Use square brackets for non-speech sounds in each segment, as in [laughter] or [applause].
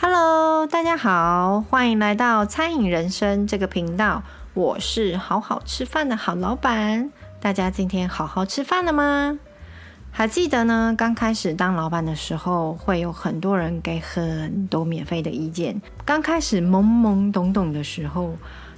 Hello，大家好，歡迎來到餐飲人生這個頻道。我是好好吃飯的好老闆。大家今天好好吃飯了嗎？還記得呢？剛開始當老闆的時候，會有很多人給很多免費的意見。剛開始懵懵懂懂的時候，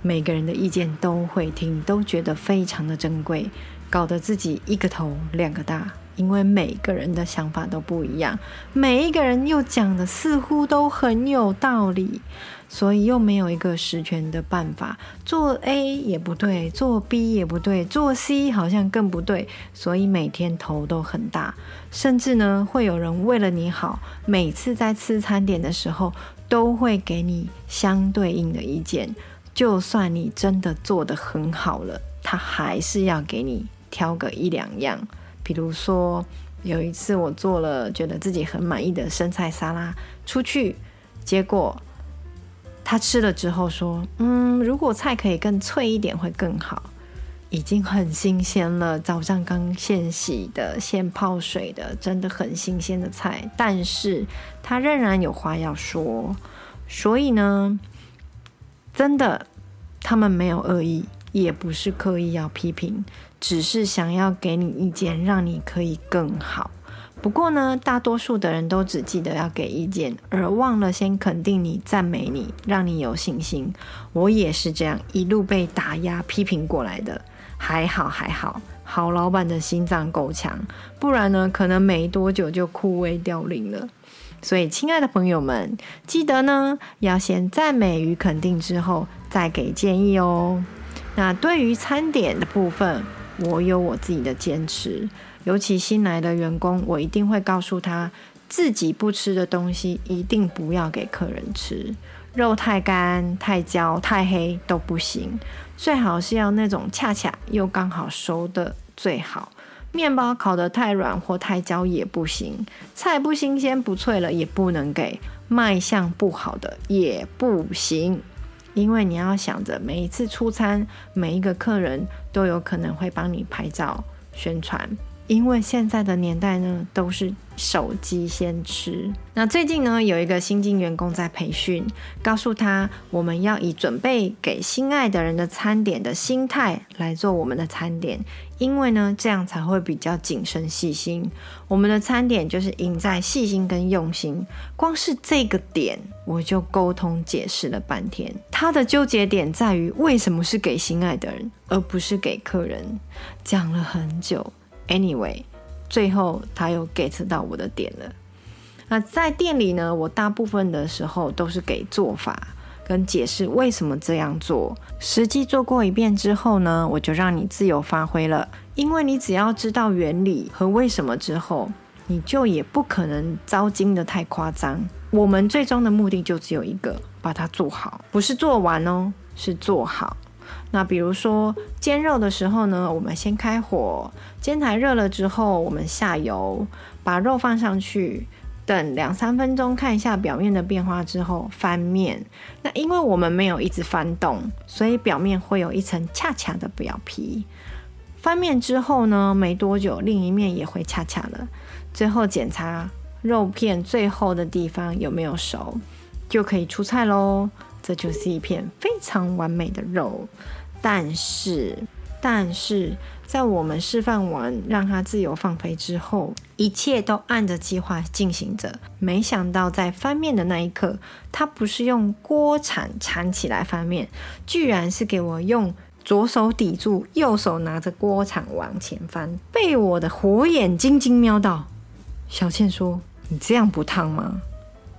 每個人的意見都會聽，都覺得非常的珍貴，搞得自己一個頭兩個大。因為每個人的想法都不一樣，每一個人又講的似乎都很有道理，所以又沒有一個十全的辦法。做 A 也不對，做 B 也不對，做 C 好像更不對，所以每天頭都很大。甚至呢，會有人為了你好，每次在吃餐點的時候都會給你相對應的意見，就算你真的做得很好了，他還是要給你挑個一兩樣。比如說，有一次我做了覺得自己很滿意的生菜沙拉，出去，結果他吃了之後說：“嗯，如果菜可以更脆一點會更好，已經很新鮮了，早上剛現洗的、現泡水的，真的很新鮮的菜。”但是他仍然有話要說，所以呢，真的，他們沒有惡意，也不是刻意要批評。只是想要給你意見，讓你可以更好。不過呢，大多數的人都只記得要給意見，而忘了先肯定你、讚美你，讓你有信心。我也是這樣，一路被打壓、批評過來的。還好還好，好老闆的心臟夠強，不然呢，可能沒多久就枯萎凋零了。所以，親愛的朋友們，記得呢，要先讚美與肯定之後，再給建議哦。那對於餐點的部分，我有我自己的堅持，尤其新來的員工，我一定會告訴他，自己不吃的東西一定不要給客人吃。肉太乾、太焦、太黑都不行，最好是要那種恰恰又剛好熟的最好。麵包烤得太軟或太焦也不行，菜不新鮮、不脆了也不能給，賣相不好的也不行。因為你要想着每一次出餐，每一個客人都有可能會幫你拍照宣傳。因為現在的年代呢，都是。手機先吃。那最近呢，有一個新進員工在培訓，告訴他我們要以準備給心愛的人的餐點的心態來做我們的餐點，因為呢，這樣才會比較謹慎細心。我們的餐點就是贏在細心跟用心。光是這個點，我就溝通解釋了半天。他的糾結點在於為什麼是給心愛的人，而不是給客人。講了很久。Anyway。最後他又 get 到我的點了。那在店裡呢，我大部分的時候都是給做法跟解釋為什麼這樣做。實際做過一遍之後呢，我就讓你自由發揮了，因為你只要知道原理和為什麼之後，你就也不可能走鐘的太誇張。我們最終的目的就只有一個，把它做好，不是做完哦，是做好。那比如說煎肉的時候呢，我們先開火，煎台熱了之後，我們下油，把肉放上去，等兩三分鐘看一下表面的變化之後翻面。那因為我們沒有一直翻動，所以表面會有一層恰恰的表皮。翻面之後呢，沒多久另一面也會恰恰了。最後檢查肉片最厚的地方有沒有熟，就可以出菜嘍。這就是一片非常完美的肉。但是，但是在我們示範完讓它自由放飛之後，一切都按着計劃進行着。沒想到在翻面的那一刻，他不是用鍋鏟鏟起來翻面，居然是給我用左手抵住，右手拿着鍋鏟往前翻。被我的火眼金睛瞄到，小倩說：“你這樣不燙嗎？”“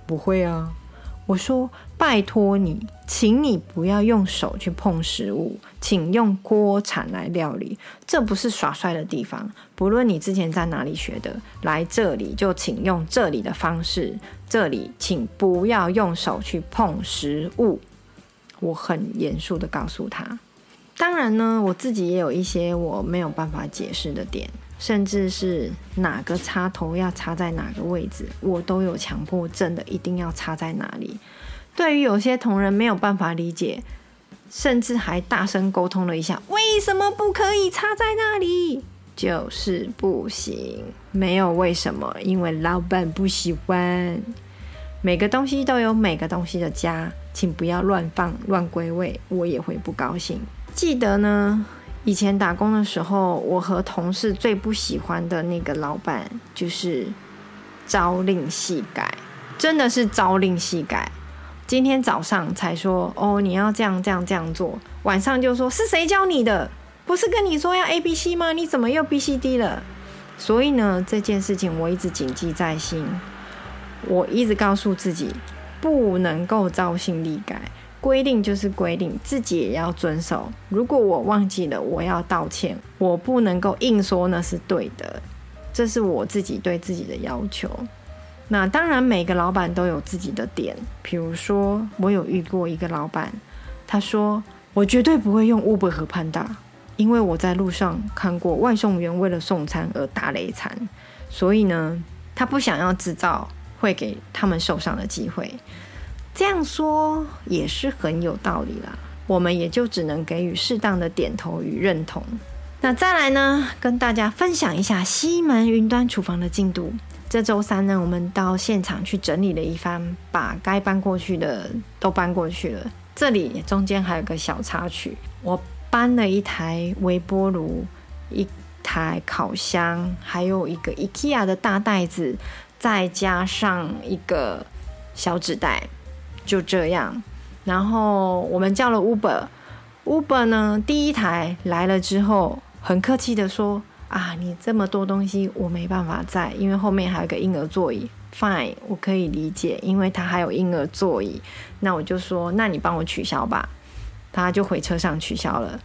不會啊。”我說：“拜託你，請你不要用手去碰食物，請用鍋鏟來料理。這不是耍帥的地方，不論你之前在哪裡學的，來這裡就請用這裡的方式。這裡，請不要用手去碰食物。”我很嚴肅地告訴他。當然呢，我自己也有一些我沒有辦法解釋的點。甚至是哪個插頭要插在哪個位置，我都有強迫症的，一定要插在哪裡。對於有些同仁沒有辦法理解，甚至還大聲溝通了一下，為什麼不可以插在那裡？就是不行，沒有為什麼，因為老闆不喜歡。每個東西都有每個東西的家，請不要亂放亂歸位，我也會不高興。記得呢。以前打工的時候，我和同事最不喜歡的那個老闆就是朝令夕改，真的是朝令夕改。今天早上才說哦，你要這樣這樣這樣做，晚上就說是誰教你的？不是跟你說要 A B C 嗎？你怎麼又 B C D 了？所以呢，這件事情我一直謹記在心，我一直告訴自己不能夠朝令夕改。規定就是規定，自己也要遵守。如果我忘記了，我要道歉。我不能夠硬說那是對的，這是我自己對自己的要求。那當然，每個老闆都有自己的點。比如說，我有遇過一個老闆，他說我絕對不會用 Uber 和 Panda，因為我在路上看過外送員為了送餐而打雷餐，所以呢，他不想要製造會給他們受傷的機會。這樣說也是很有道理啦，我們也就只能給予適當的點頭與認同。那再來呢，跟大家分享一下西門雲端廚房的進度。這周三呢，我們到現場去整理了一番，把該搬過去的都搬過去了。這裡中間還有個小插曲，我搬了一台微波爐、一台烤箱，還有一個 IKEA 的大袋子，再加上一個小紙袋。就這樣，然後我們叫了 Uber，Uber 呢，第一台來了之後，很客氣的說啊，你這麼多東西我沒辦法載，因為後面還有個嬰兒座椅。Fine，我可以理解，因為它還有嬰兒座椅。那我就說，那你幫我取消吧，他就回車上取消了。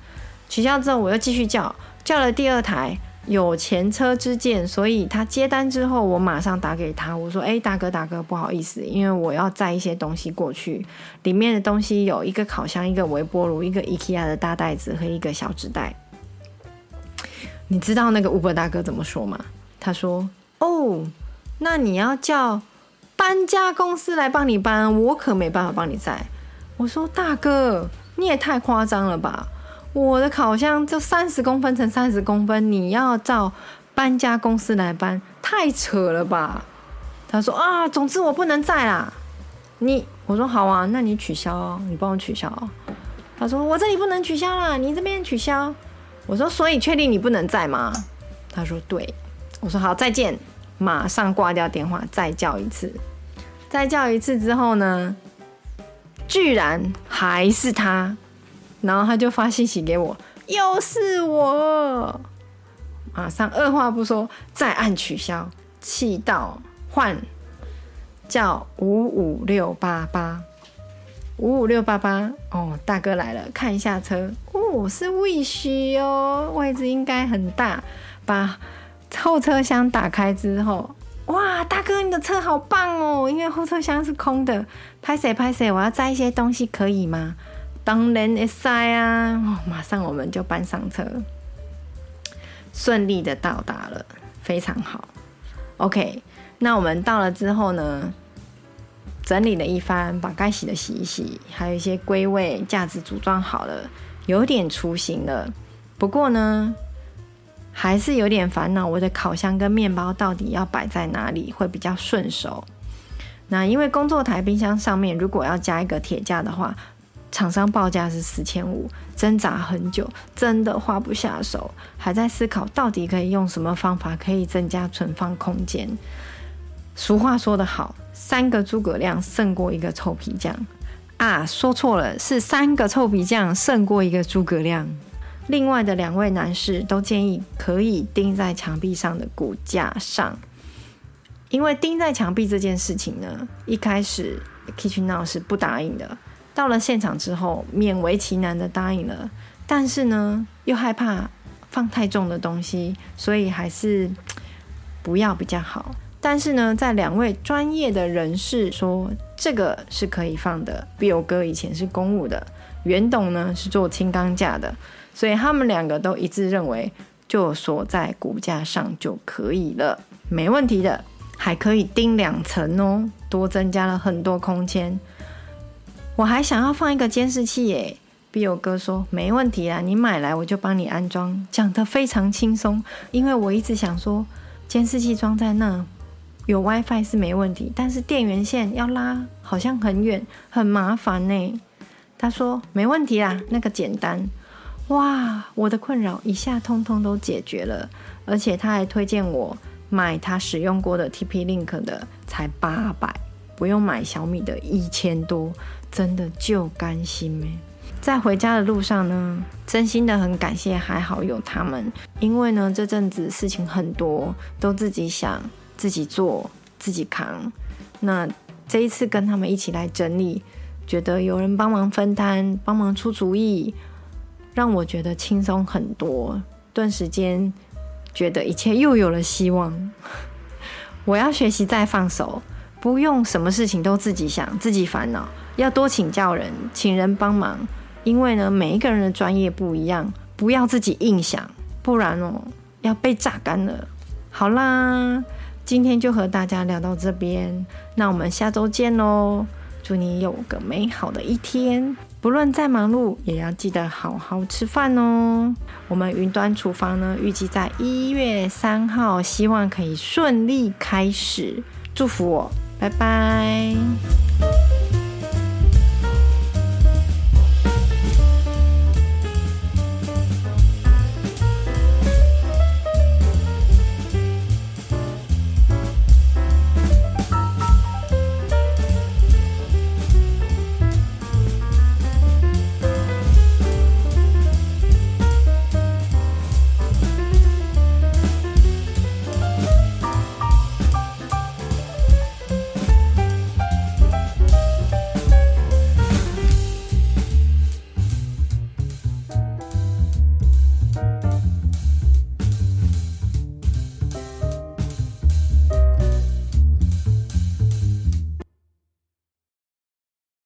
取消之後，我又繼續叫，叫了第二台。有前車之鑑，所以他接單之後，我馬上打給他，我說：“哎，大哥，大哥，不好意思，因為我要載一些東西過去，裡面的東西有一個烤箱，一個微波爐，一個 IKEA 的大袋子和一個小紙袋。你知道那個 Uber 大哥怎麼說嗎？他說：‘哦，那你要叫搬家公司來幫你搬，我可沒辦法幫你載。’我說：‘大哥，你也太誇張了吧。’我的烤箱就三十公分乘三十公分，你要照搬家公司來搬，太扯了吧？他說啊，總之我不能在啦。你我說好啊，那你取消哦，你幫我取消哦。他說我這裡不能取消了，你這邊取消。我說所以確定你不能在嗎？他說對。我說好，再見，馬上掛掉電話，再叫一次，再叫一次之後呢，居然還是他。然後他就發信息給我，又是我，馬上二話不說再按取消，氣到換叫五五六八八五五六八八哦，大哥來了，看一下車，哦，是 Wish 哦，位置應該很大，把後車廂打開之後，哇，大哥你的車好棒哦，因為後車廂是空的，拍謝拍謝，我要摘一些東西可以嗎？當然會塞啊！哦，馬上我們就搬上車，順利的到達了，非常好。OK，那我們到了之後呢，整理了一番，把該洗的洗一洗，還有一些歸位架子組裝好了，有點雛形了。不過呢，還是有點煩惱，我的烤箱跟麵包到底要擺在哪裡會比較順手。那因為工作台冰箱上面如果要加一個鐵架的話。廠商報價是四千五，掙扎很久，真的花不下手，還在思考到底可以用什麼方法可以增加存放空間。俗話說得好，三個諸葛亮勝過一個臭皮匠。啊，說錯了，是三個臭皮匠勝過一個諸葛亮。另外的兩位男士都建議可以釘在牆壁上的骨架上，因為釘在牆壁這件事情呢，一開始 Kitchenow 是不答應的。到了現場之後，勉為其難的答應了，但是呢，又害怕放太重的東西，所以還是不要比較好。但是呢，在兩位專業的人士說這個是可以放的，Bill 哥以前是公務的，袁董呢是做輕鋼架的，所以他們兩個都一致認為，就鎖在骨架上就可以了，沒問題的，還可以釘兩層哦，多增加了很多空間。我還想要放一個監視器耶，比友哥說沒問題啦，你買來我就幫你安裝，講得非常輕鬆。因為我一直想說，監視器裝在那有 WiFi 是沒問題，但是電源線要拉，好像很遠很麻煩呢。他說沒問題啦，那個簡單。哇，我的困擾一下通通都解決了，而且他還推薦我買他使用過的 TP-Link 的，才八百，不用買小米的一千多。真的就甘心沒、欸、在回家的路上呢，真心的很感謝，還好有他們。因為呢，這陣子事情很多，都自己想、自己做、自己扛。那這一次跟他們一起來整理，覺得有人幫忙分攤、幫忙出主意，讓我覺得輕鬆很多。頓時間，覺得一切又有了希望。 [laughs] 我要學習再放手，不用什麼事情都自己想、自己煩惱。要多請教人，請人幫忙，因為呢，每一個人的專業不一樣，不要自己硬想，不然哦，要被榨乾了。好啦，今天就和大家聊到這邊，那我們下周見嘍，祝你有個美好的一天，不論再忙碌，也要記得好好吃飯哦。我們雲端廚房呢，預計在一月三號，希望可以順利開始。祝福我，拜拜。